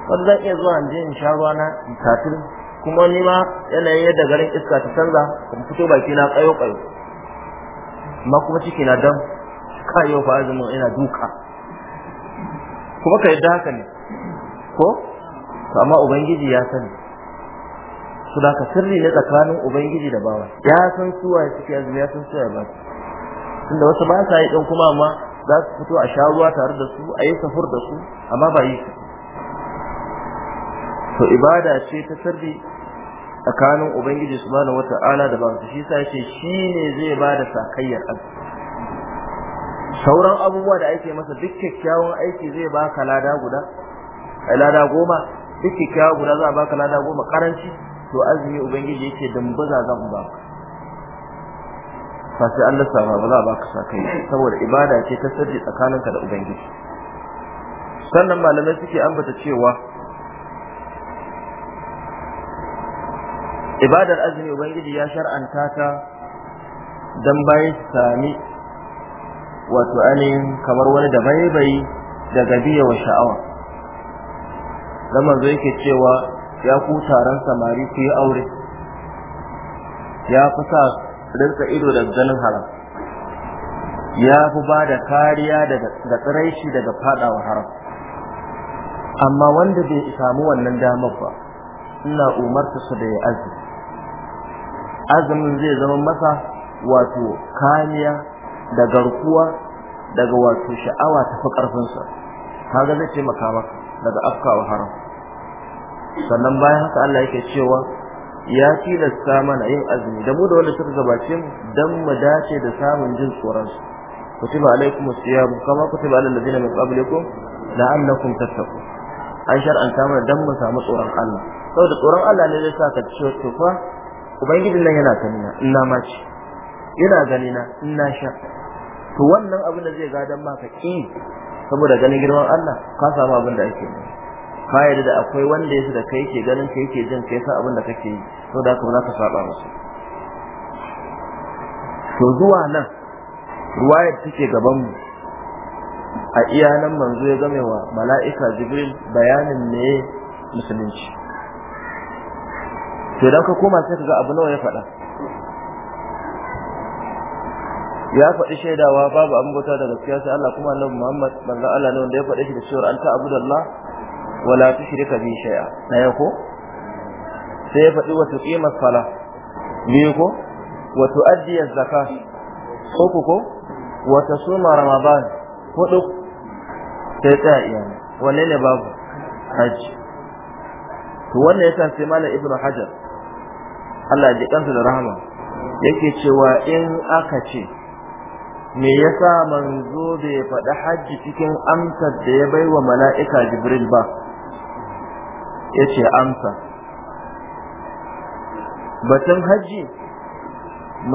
S1: wanda zan iya zuwa je in sha ruwa na tatil kuma ni ma yanayin yadda garin iska ta canza kuma fito baki na kayo kayo amma kuma ciki na dan kayo fa azumin ina duka kuma ka yadda haka ne ko to amma ubangiji ya sani su da ka sirri ne tsakanin ubangiji da bawa ya san suwa ya suke azumi ya san suwa ya ba su tunda wasu ba sa yi ɗan kuma amma za su fito a sha ruwa tare da su a yi safur da su amma ba yi su to ibada ce ta sirri tsakanin ubangiji subhanahu wata'ala da bawa shi sa ce shi ne zai ba da sakayyar azumi sauran abubuwa da ake masa duk kyakkyawan aiki zai baka lada guda eh, lada goma duk kyakkyawa guda za a baka lada goma karanci to azumi ubangiji yake dambaza zan ba fa sai Allah sa ba za a baka sakai saboda ibada ce ta sirri tsakaninka da ubangiji sannan malamai suke ambata cewa ibadar azumi ubangiji ya shar'anta ta dan bayan sami wato ainihin kamar wani da bai daga biya wa sha'awa dan manzo yake cewa ya ku taron samari ku yi aure ya fi sa rinsa ido da ganin haram ya fi ba da kariya da tsiraici daga fadawa haram amma wanda bai samu wannan damar ba ina umarta su da ya azumi azumin zai zama masa wato kariya da garkuwa daga wato sha'awa ta fi ƙarfinsa kaga zai taimaka maka daga wa haram sannan bayan haka Allah yake cewa ya tilasta mana yin azumi da mu da wanda suka gabace mu dan mu dace da samun jin tsoron su kutiba alaikum siyam kama kutiba alal ladina min qablikum la'allakum tattaqun an shar'anta mana dan mu samu tsoron Allah saboda tsoron Allah ne zai sa ka ciwo to fa ubangijin nan yana kanina ina ma ci Ina gani na in na sha to wannan abin da zai gadan maka ki saboda ganin girman Allah ka samu abin da ake yi ka yarda da akwai wanda yake da kai ke ganin kai ke jin kai sa abin da kake yi to da kuma ka saba musu to zuwa nan ruwayar take gaban mu a iya manzo ya game wa mala'ika jibril bayanin ne musulunci to dan ka koma sai ka ga abu nawa ya faɗa ya faɗi shaidawa babu abin bauta da gaskiya sai Allah kuma Annabi Muhammad manzo Allah ne wanda ya faɗi shi da cewa anta abudallah wala tushrika bi shay'a na yako sai ya faɗi wa tuqima sala ne ko wa tuaddi az-zaka ko ko ko wa tasuma ramadan ko duk sai ta iya wanne ne babu haji to wannan yasa sai malam ibnu hajar Allah ya ji kansa da rahama yake cewa in aka ce me yasa manzo bai faɗi hajji cikin amsar da ya bai wa mala'ika jibril ba ya ce amsa batun hajji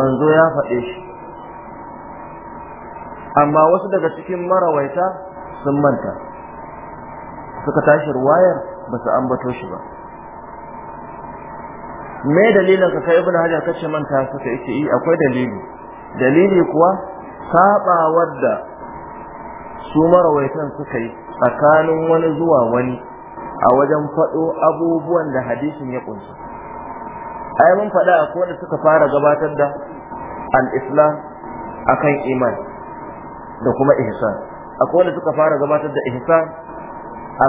S1: manzo ya faɗe shi amma wasu daga cikin marawaita sun manta suka tashi ruwayar ba su ambato shi ba me dalilin ka kai ibn hajar kace manta suka yi eh, akwai dalili dalili kuwa saba wadda su marawaitan suka yi tsakanin wani zuwa wani a wajen faɗo abubuwan da hadisin ya kunsa ai mun faɗa a kowanne suka fara gabatar da al-islam akan iman da kuma ihsan akwai wanda suka fara gabatar da ihsan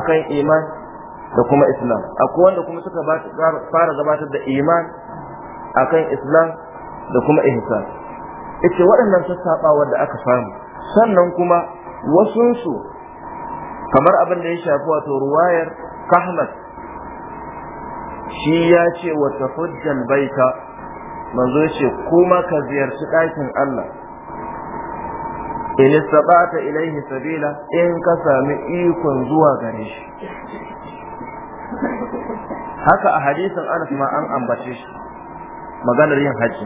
S1: akan iman da kuma islam akwai wanda kuma suka fara gabatar da iman akan islam da kuma ihsan yake waɗannan sassaɓawar da aka samu sannan kuma wasunsu kamar abin da ya shafi wato ruwayar kahmat shi ya ce wata hujjan baita manzo ce kuma ka ziyarci ɗakin Allah in sabata ilaihi sabila in ka sami ikon zuwa gare shi haka a hadisin Anas ma an ambace shi maganar yin hajji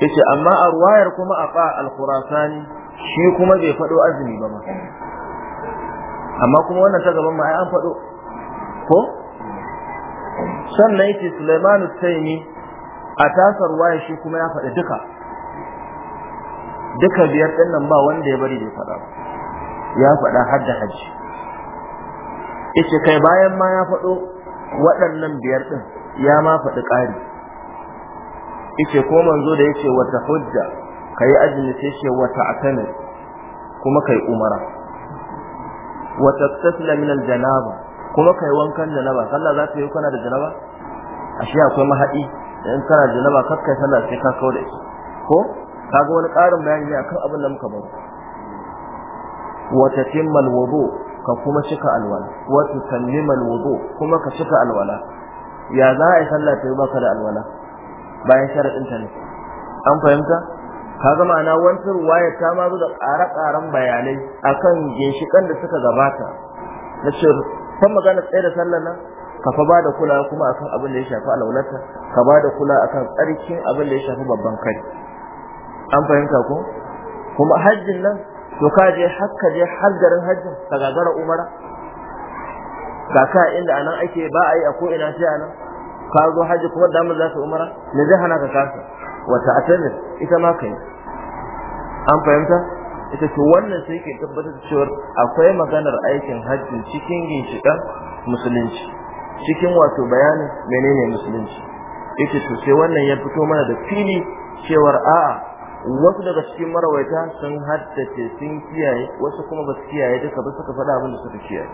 S1: yace amma a ruwayar kuma a fa al qurani shi kuma bai fado azumi ba amma kuma wannan ta gaban ma ai an fado ko sannan yace Sulaiman al-Taymi a tasar ruwaya shi kuma ya faɗi duka duka biyar din nan ba wanda ya bari bai faɗa ya fada har da haji yace kai bayan ma ya faɗo waɗannan biyar ɗin ya ma faɗi ƙari yace ko manzo da yace wata hujja kai azumi sai ce wata atami kuma kai umara wata tasla min aljanaba kuma kai wankan janaba sallah za ta yi kana da janaba ashe akwai mahadi in kana da janaba kakkai sallah sai ka kawo da shi ko kaga wani karin bayani ne akan abin da muka baro Wata tatimma alwudu ka kuma cika alwala wa tutammima alwudu kuma ka cika alwala ya za a yi sallah ta yi baka da alwala bayan sharaɗin ta ne an fahimta kaga ma'ana wancan ruwayar ta ma da ƙara ƙaran bayanai akan ginshiƙan da suka gabata na ce kan magana tsaye da sallar nan ka fa bada kula kuma akan abin da ya shafi alaunarta ka bada kula akan tsarkin abin da ya shafi babban kai an fahimta ko kuma hajjin nan to ka je hakka je hajjarin hajjin ka gagara umara ga ka inda anan ake ba a yi a ko ina sai anan ka zo haji kuma da mu za su umara me zai hana ka kasa wata atazir ita ma kai an fahimta ita ce wannan sai ke tabbatar da cewa akwai maganar aikin haji cikin ginshiƙan musulunci cikin wato bayanin menene musulunci ita to sai wannan ya fito mana da fili cewar a'a wasu daga cikin marawaita sun haddace sun kiyaye wasu kuma ba su kiyaye duka ba suka faɗa abin da suka kiyaye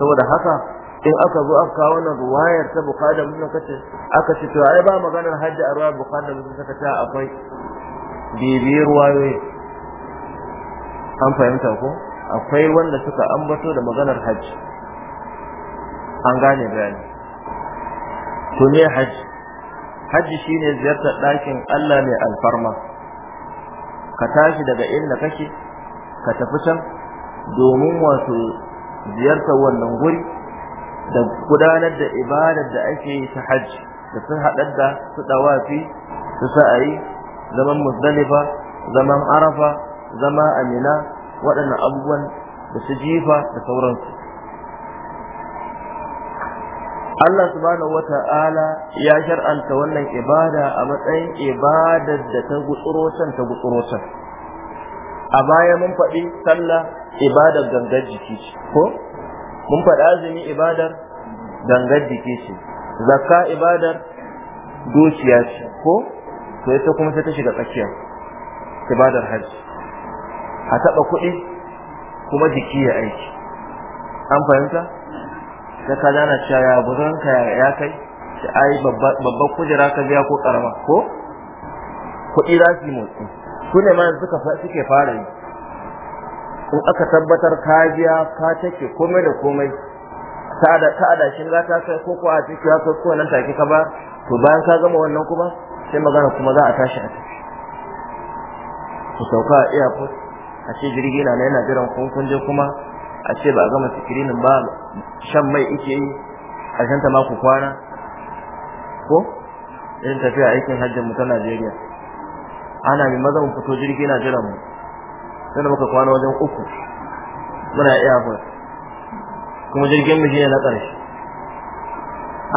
S1: saboda haka in aka zo aka kawo wannan ruwayar ta bukhari mun kace aka ce to ai ba maganar hajji a ruwayar bukhari mun saka ta akwai bibiyar ruwaye an fahimta ko akwai wanda suka ambato da maganar hajji an gane bayani to ne hajji hajji shine ziyartar ɗakin Allah mai alfarma ka tashi daga inda kake ka tafi can domin wato ziyartar wannan guri da gudanar da ibadar da ake yi ta hajji da sun haɗar da su ɗawafi su sa'ayi zaman musdalifa zaman arafa zama amina waɗannan abubuwan da su jifa da sauransu Allah subhanahu Wata'ala ya shar'anta wannan ibada a matsayin ibadar da ta gutsuro can ta gutsuro can a baya mun faɗi sallah ibadar gangar jiki ko mun faɗi azumi ibadar gangar jiki ce zakka ibadar dukiya ce ko to ita kuma sai ta shiga tsakiya ibadar hajji a taɓa kuɗi kuma jiki ya aiki an fahimta da ka zana cewa ya ka ya kai sai ai babban kujera ka biya ko karama ko kuɗi za su yi motsi su ne ma suke fara yi in aka tabbatar ka ka take komai da komai ta da ta da shin za ta kai ko a ciki haka ko nan take ka ba to bayan ka gama wannan kuma sai magana kuma za a tashi a ciki ku sauka a airport a ce jirgi na yana jiran kun kun je kuma a ce ba a gama sikirinin ba shan mai ike yi a shanta ma ku kwana ko irin tafiya aikin hajjin mu ta Najeriya ana mai maza mu fito jirgi na jiran mu sannan da muka kwana wajen uku muna airport kuma jirgin mu shine na ƙarshe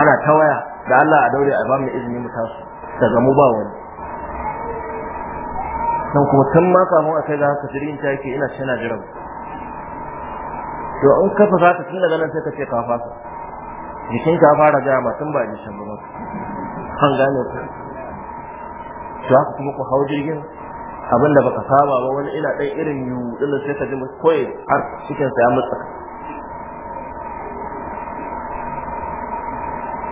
S1: ana ta waya da Allah a daure a ba mu izini mu taso daga mu ba wani dan kuma tun ma kafin a kai ga haka jirgin ta yake ina tana jira to an kafa za ka tun daga nan sai ka ce ka jikin ka fara ga ma tun ba jishin ba kan gane ku to haka kuma ku hau jirgin abin da baka saba ba wani ina ɗan irin yudin sai ka ji koyi har cikin sa ya mutsa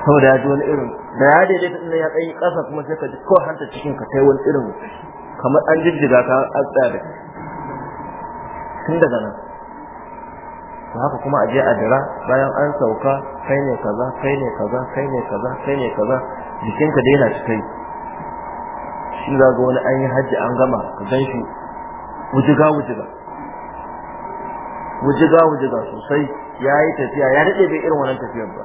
S1: saboda ya ji wani irin da ya daidaita ɗin ya ɗan yi ƙasa kuma sai ka ji ko hanta cikin ka kai wani irin kamar an jijjiga ka an tsaya da tun daga nan to haka kuma a je a jira bayan an sauka kai ne kaza kai ne kaza kai ne kaza kai ne kaza jikinka daina na kai shi za ga wani an yi hajji an gama ka gan shi wujiga wujiga wujiga wujiga sosai ya yi tafiya ya daɗe bai irin wannan tafiyar ba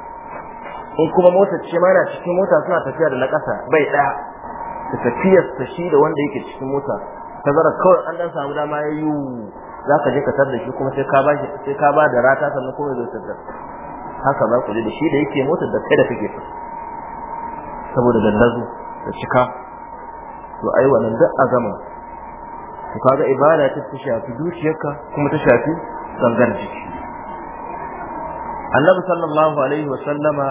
S1: in kuma motar ce ma yana cikin mota suna tafiya da na ƙasa bai ɗaya ta tafiyar ta shi da wanda yake cikin mota ta zara kawai an ɗan samu dama ya yi za ka je ka tar da shi kuma sai ka ba da rata sannan kuma zai tattar haka za ku je da shi da yake motar da kai da kake saboda dandazo da cika to ai wannan duk a zaman to kaga ibada ta ta shafi dukiyarka kuma ta shafi gangar jiki annabi sallallahu alaihi wa sallama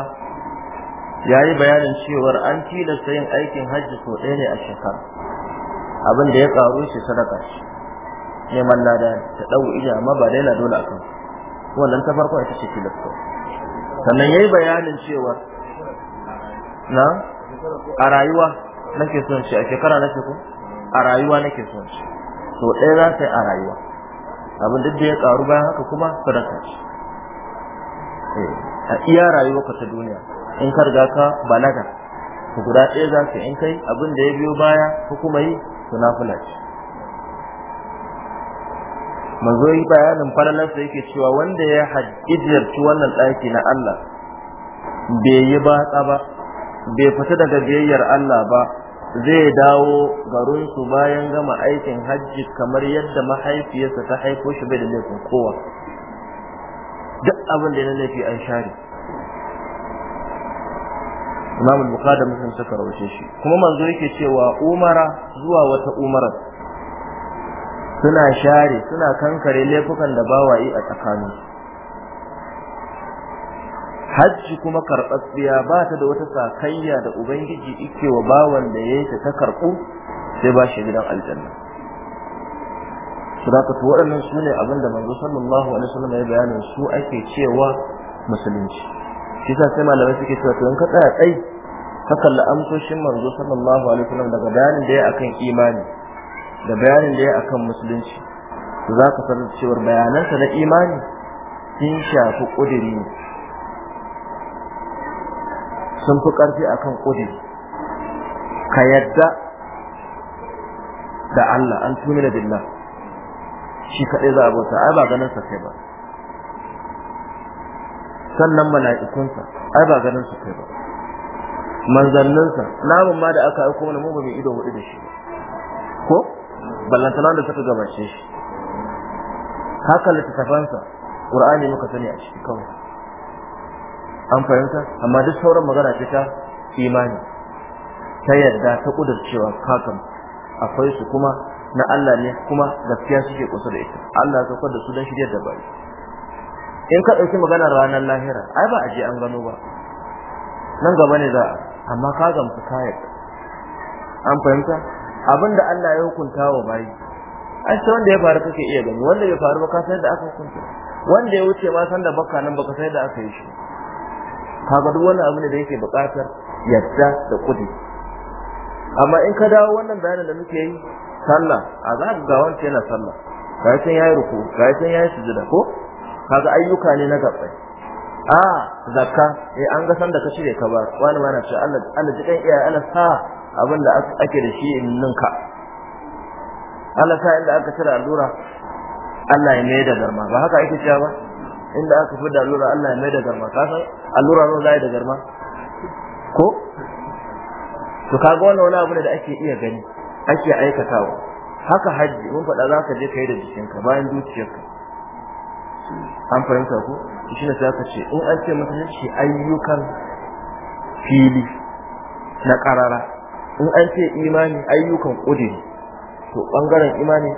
S1: yayi bayanin cewar an tilasta yin aikin hajji so ɗaya ne a shekara abin da ya karu shi sadaka shi neman lada ta dau iya amma ba daina dole akan wannan ta farko ita ce tilasta sannan yayi bayanin cewar na a rayuwa nake son shi a shekara nake ko a rayuwa nake son shi to ɗaya za ta yi a rayuwa abin duk da ya karu bayan haka kuma sadaka ce eh, a iya ka ta duniya in ka riga ka balaga to guda ɗaya za ka in kai abin da ya biyo baya ko kuma yi to fula ce manzo yi bayanin falalarsa yake cewa wanda ya hajjiyarci wannan ɗaki na Allah bai yi batsa ba bai fita daga biyayyar Allah ba zai dawo garinsu bayan gama aikin hajji kamar yadda mahaifiyarsa ta haifo shi bai da laifin kowa duk abin da na laifi an share imam al-bukhari da suka shi kuma manzo yake cewa umara zuwa wata umara suna share suna kankare laifukan da bawayi a tsakaninsu hajji kuma karɓaɓɓiya ba ta da wata sakayya da ubangiji ike wa bawan da ya yi ta karɓu sai ba shi gidan aljanna sadaka to waɗannan su ne abin da manzo sallallahu alaihi wasallam ya bayanin su ake cewa musulunci shi sa sai malamai suke cewa to in ka tsaya tsai ka kalli amsoshin manzo sallallahu alaihi wasallam daga bayanin da ya akan imani da bayanin da ya akan musulunci to za ka san cewa bayanansa na imani sun shafi ƙudiri ne sun fi ƙarfi akan ƙudi ka yadda da Allah an da billah shi kaɗai za a bauta ai ba ganin sa kai ba sannan mala'ikunsa ai ba ganin sa kai ba manzanninsa namun ma da aka aiko mana mun ba mai ido hudu da shi ko ballantana da suka gabace shi haka littattafansa ƙur'ani muka sani a ciki kawai an fahimta amma duk sauran magana ce ta imani ta yadda ta kudurcewa kakan akwai su kuma na Allah ne kuma gaskiya suke kusa da ita Allah ya saukar da su don shirya da bai in ka dauki maganar ranar lahira ai ba a je an gano ba nan gaba ne za amma ka gamsu kai an fahimta abinda Allah ya hukunta wa bayi ai sai wanda ya faru kake iya gani wanda ya faru ba ka san da aka hukunta wanda ya wuce ma san da baka nan baka san da aka yi shi kaga duk wani abu ne da yake buƙatar yadda da kudi amma in ka dawo wannan bayanin da muke yi sallah a za ka ga wancan yana sallah ga ya san yayi ruku ga ya san yayi sujuda ko kaga ayyuka ne na gabbai a zakka eh an ga san da ka shirye ka ba wani ma na ce Allah Allah jikan iya Allah sa abin da ake da shi in ninka Allah sa inda aka tsara allura Allah ya mai da garma ba haka ake cewa ba inda aka fi da allura Allah ya mai da garma ka allura nawa za da garma ko to kaga wannan wani abu ne da ake iya gani ake aikatawa haka hajji mun faɗa za ka je ka yi da jikinka bayan zuciyarka an fahimta ku? shi ne sai ce in an ce musulunci ayyukan fili na ƙarara in an ce imani ayyukan ƙudiri to ɓangaren imani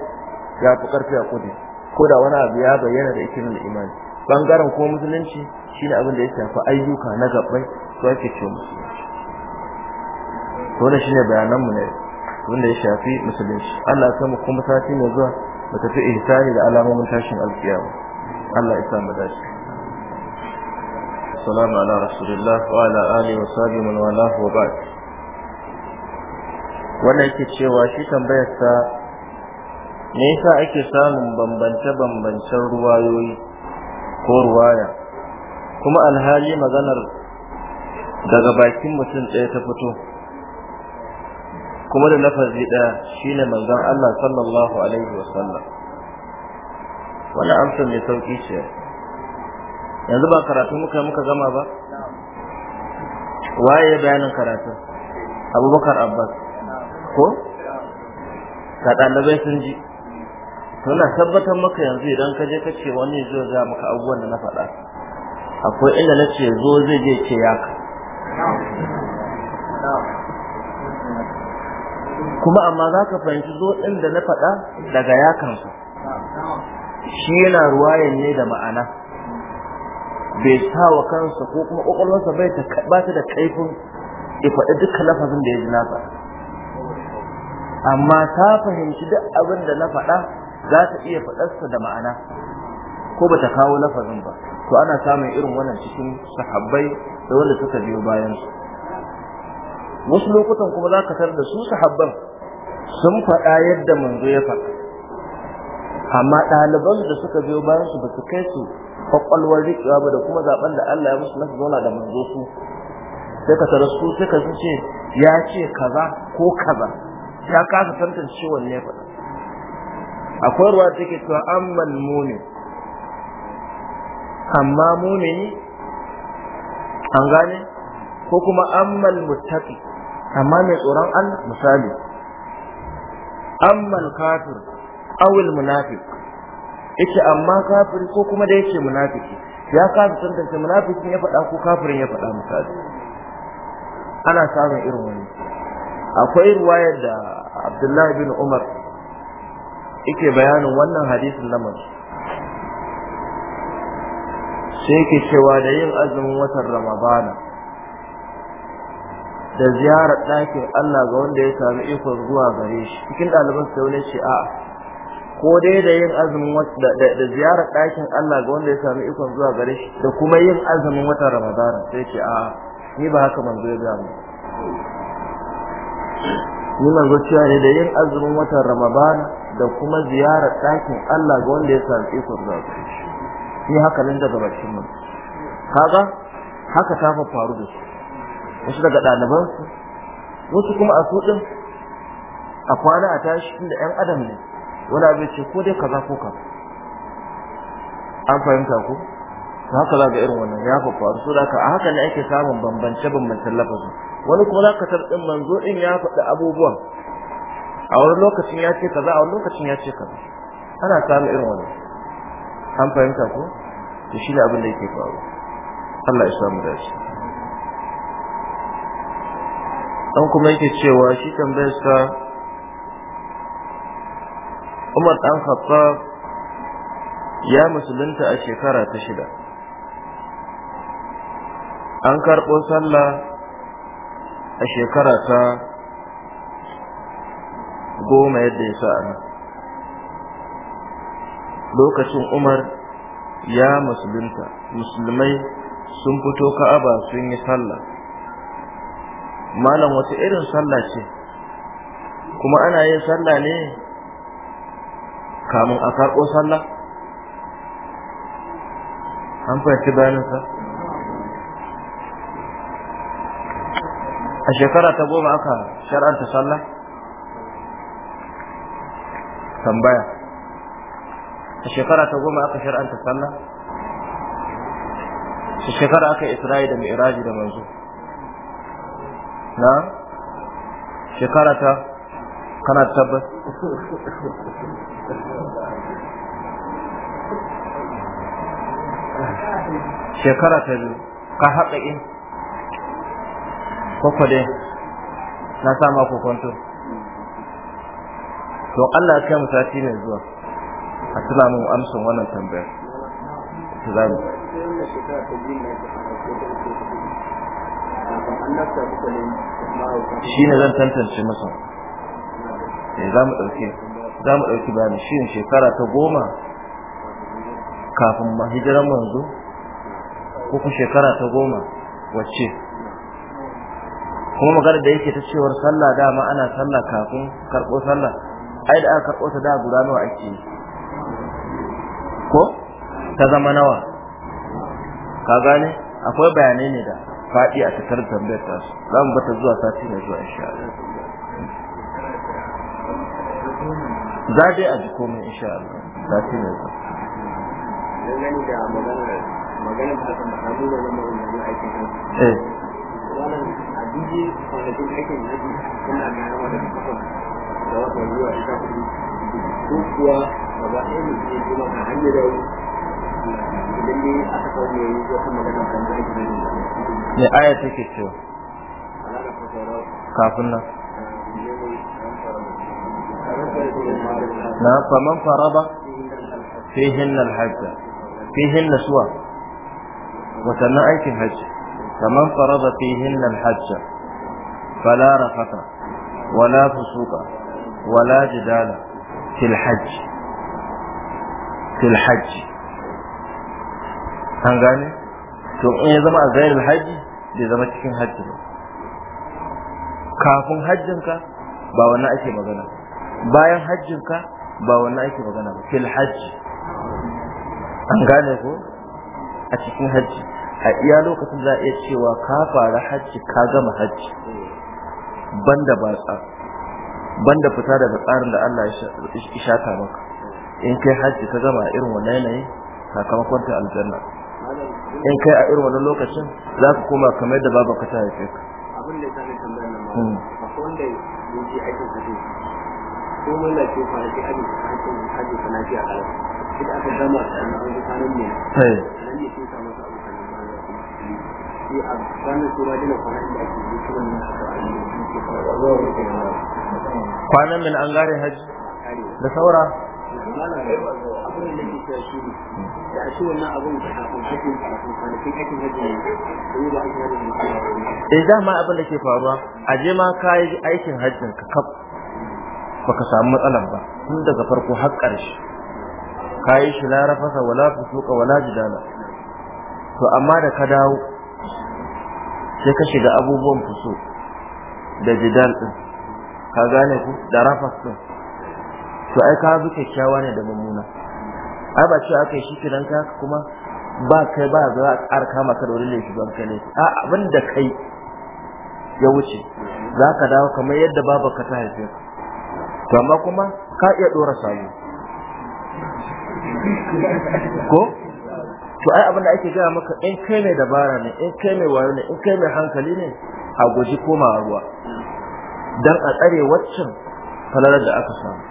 S1: ya fi ƙarfi a ƙudiri ko da wani abu ya bayyana da ikinin imani bangaren kuma musulunci shine abin da ya shafi ayyuka na gabbai to ake ce musulunci to shi shine bayanan mu ne wanda ya shafi musulunci Allah ya mu kuma sati ne zuwa mu tafi ihsani da alamomin tashin alkiyama Allah ya sa mu dace rasulillah wa ala alihi wa sahbihi man من wa ba'd wannan yake cewa shi tambayar sa me yasa ake samun bambance bambancen ruwayoyi ko ruwaya kuma alhali maganar daga bakin mutum ɗaya ta fito kuma da lafazi ɗaya shine manzon Allah sallallahu alaihi wasallam wani amsa mai sauki ce yanzu ba karatu muka muka gama ba waye bayanin karatu abubakar abbas ko ka ɗalibai sun ji tana tabbatar maka yanzu idan ka je ka ce wani zai ga maka abubuwan da na faɗa akwai inda na ce zo zai je ce ya ka kuma amma za ka fahimci zo inda da na faɗa daga yakansu shi yana ruwayan ne da ma'ana bai sa wa kansa ko kuma ƙwaƙwalwarsa bai ba ta da kaifin ya faɗi duka lafazin da ya ji nasa amma ta fahimci duk abin da na faɗa za ta iya faɗarsa da ma'ana ko bata kawo lafazin ba to ana samun irin wannan cikin sahabbai da wanda suka biyo bayan su wasu lokutan kuma za ka tar da su sahabban sun faɗa yadda manzo ya faɗa amma ɗaliban da suka biyo bayan su ba su kai su kwakwalwar riƙewa ba da kuma zaɓen da Allah ya musu nasu zauna da manzo su sai ka tara su sai ka ce ya ce kaza ko kaza ya kasa tantance wanne ya faɗa akwai ruwa da take cewa amman mumin amma muni an gane ko kuma amman muttaqi amma mai tsoron Allah misali amman kafir awil munafiq yace amma kafir ko kuma da yake munafiki ya kasa tantance munafikin ya faɗa ko kafirin ya faɗa misali ana samun irin wani akwai ruwayar da Abdullahi bin Umar yake bayanin wannan hadisin na manzo sai ke cewa da yin azumin watan ramadana da ziyarar ɗakin Allah ga wanda ya sami ikon zuwa gare shi cikin ɗaliban sai wani ce a'a ko dai da yin azumin da ziyarar ɗakin Allah ga wanda ya sami ikon zuwa gare shi da kuma yin azumin watan ramadana sai ce a'a ni ba haka manzo ya gaya ni manzo cewa ne da yin azumin watan ramadana da kuma ziyara ɗakin Allah ga wanda ya sami ikon da su shi haka nan daga bakin mu kaga haka ta faru da su wasu daga su, wasu kuma a su ɗin a kwana a tashi inda 'yan adam ne wani abin ce ko dai kaza ko ka. an fahimta ko ta haka za ga irin wannan ya faru so da a haka ne ake samun bambance bambancen lafazin wani kuma za ka tarɗin manzo ɗin ya faɗi abubuwan a wani lokacin ya ce kaza a wani lokacin ya ce kaza ana samun irin wani an fahimta ko to shi ne abin da yake faru Allah ya samu da shi dan kuma yake cewa shi tambayar sa Umar dan Khattab ya musulunta a shekara ta shida an karɓo sallah a shekara ta goma yadda ya sa a lokacin umar ya musulunta musulmai sun fito ka'aba sun yi sallah malam wata irin sallah ce kuma ana yin sallah ne kamun a karɓo sallah an fahimci bayaninsa a shekara ta goma aka shar'anta sallah tambaya a shekara ta goma aka shar'anta sallah a shekara aka isra'i da mi'raji da manzo na shekara ta kana tabbas shekara ta biyu ka haɗa in kwakwade na sama kwakwantar don Allah ya mu sati ne zuwa a tuna mun amsan wannan tambayar ta zamu shi ne zan tantance masa sai eh, za mu ɗauke za mu ɗauki bayani shi shekara ta goma kafin mahijiran manzo ko ku shekara ta goma wacce kuma magana da yake ta cewar sallah dama ana sallah kafin karɓo sallah ai da aka karɓo ta da guda nawa ake ko ta zama nawa ka gane akwai bayanai ne da faɗi a tattara tambayar ta su za mu bata zuwa sati na zuwa insha za dai a ji komai insha Allah sati na zuwa
S2: da maganar magana da da eh. wannan aikin eh da wata ruwa ita kuɗi ko kuwa ba za a yi mutum kuma a hanyar da idan aka kawo ne wata magana kan da ake nan ne
S1: aya take cewa eh, kafin nan na faman faraba fihin hajja. fihin suwa. watannin aikin hajji faman faraba fihin hajja. fala rafata wala fusuka wala jidala fil hajj fil hajj an gane to in ya zama a zairul hajji bai zama cikin hajji ba kafin hajjinka ba wannan ake magana bayan hajjinka ba wannan ake magana ba fil hajji an gane ko a cikin hajji a iya lokacin za a iya cewa ka fara hajji ka gama hajji banda ba banda fita daga tsarin da Allah ya shata maka in kai haji ka gama irin wannan yanayi sakamakon ta aljanna in kai a irin wannan lokacin za ka koma kamar da babu ka ta haife ka
S2: abin da ya sani tambayar nan ma ko wanda yaji aikin haji ko mun lafiya kwanaki aikin haji lafiya kalau idan aka gama a an gudanar ne ce a su
S1: kwanan da ake yi na a yi min an hajji da saura abin da shi da a shi wannan abin da aikin
S2: hajji da abin
S1: da ke faruwa a je ma ka yi aikin hajjin ka kaf baka samu matsalar ba tun daga farko har ƙarshe ka yi shi la wala fusuka wala jidala to amma da ka dawo sai ka shiga abubuwan fuso da jidal din ka gane ku da rafas din to ai ka bi kyakkyawa ne da mummuna ai ba cewa aka yi shi kidan ka kuma ba kai ba za a ƙara kama ka da wani laifi ban kai a abin da kai ya wuce za ka dawo kamar yadda babu ka ta haife ka to amma kuma ka iya ɗora sabo ko to ai abin da ake gaya maka in kai mai dabara ne in kai mai wayo ne in kai mai hankali ne a guji koma ruwa dan a tsare waccan falalar da aka samu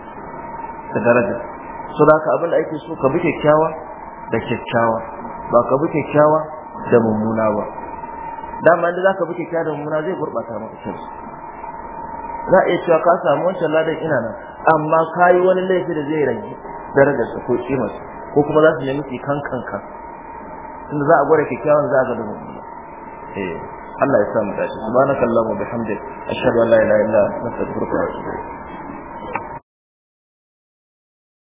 S1: da daraja so da ka abin da ake so ka bi kyakkyawa da kyakkyawa ba ka bi kyakkyawa da mummuna ba dama inda ka bi kyakkyawa da mummuna zai gurbata maka kansu za a iya cewa ka samu wancan ladan ina nan amma yi wani laifi da zai rage darajarsa ko kimarsa ko kuma za su nemi kankan ka tunda za a gwada kyakkyawan za a ga dubu eh Allah ya samu dace subhanakallahumma bihamdik ashhadu an la ilaha illa anta astaghfiruka wa atubu